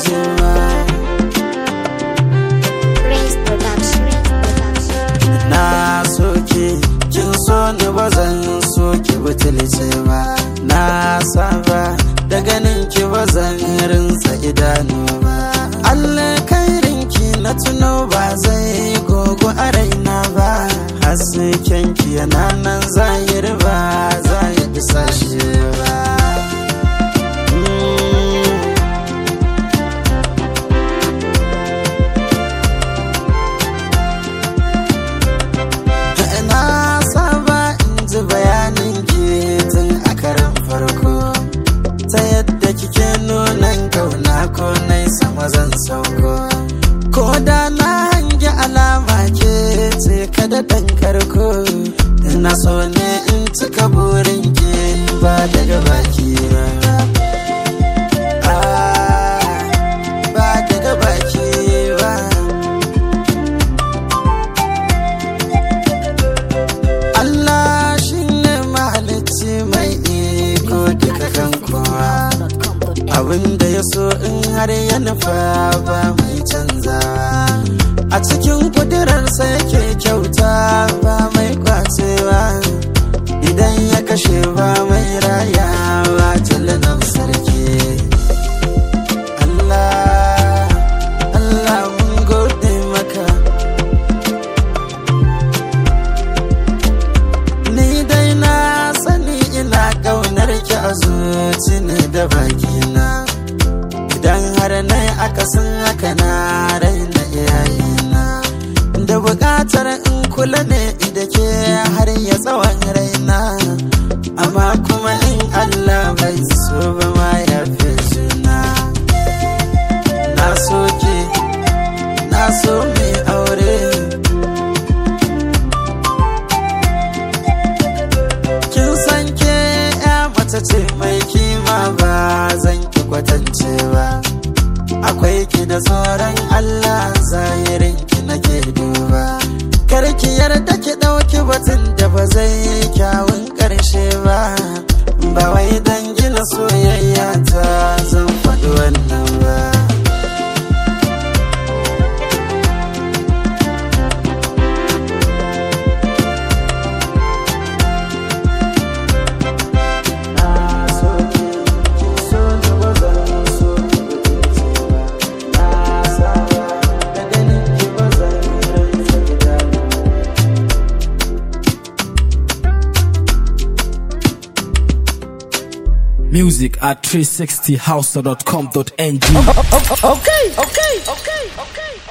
jiwa na soke kin so ni ba zan soke butulce ba na saba da ganin ki ba rinsa idanu ba Allah ki na tuno ba zai gogo a raina ba hasken ki yana nan zahir ba zai isa shi ka da ɗan karko na so ne in cika burin ke ba daga baki na ah, ba daga baki ba Allah shi ne mai iko duka kan kowa abinda ya so in har ya nufa ba mai canzawa a cikin kudurarsa yake zuci ne da bakina idan har na yi akasin haka na raina iyayena da bukatar in kula ne da ke har ya tsawon raina amma kuma in Allah bai so ba ma ya fi na so ke na so mace ce mai kima ba zan ki kwatance ba akwai ki da tsoron Allah zahirin ki nake duba ki yarda ki ɗauki batun da ba zai yi kyawun karshe ba ba wai dangina soyayya ta Music at 360house.com.ng. Okay, okay, okay, okay.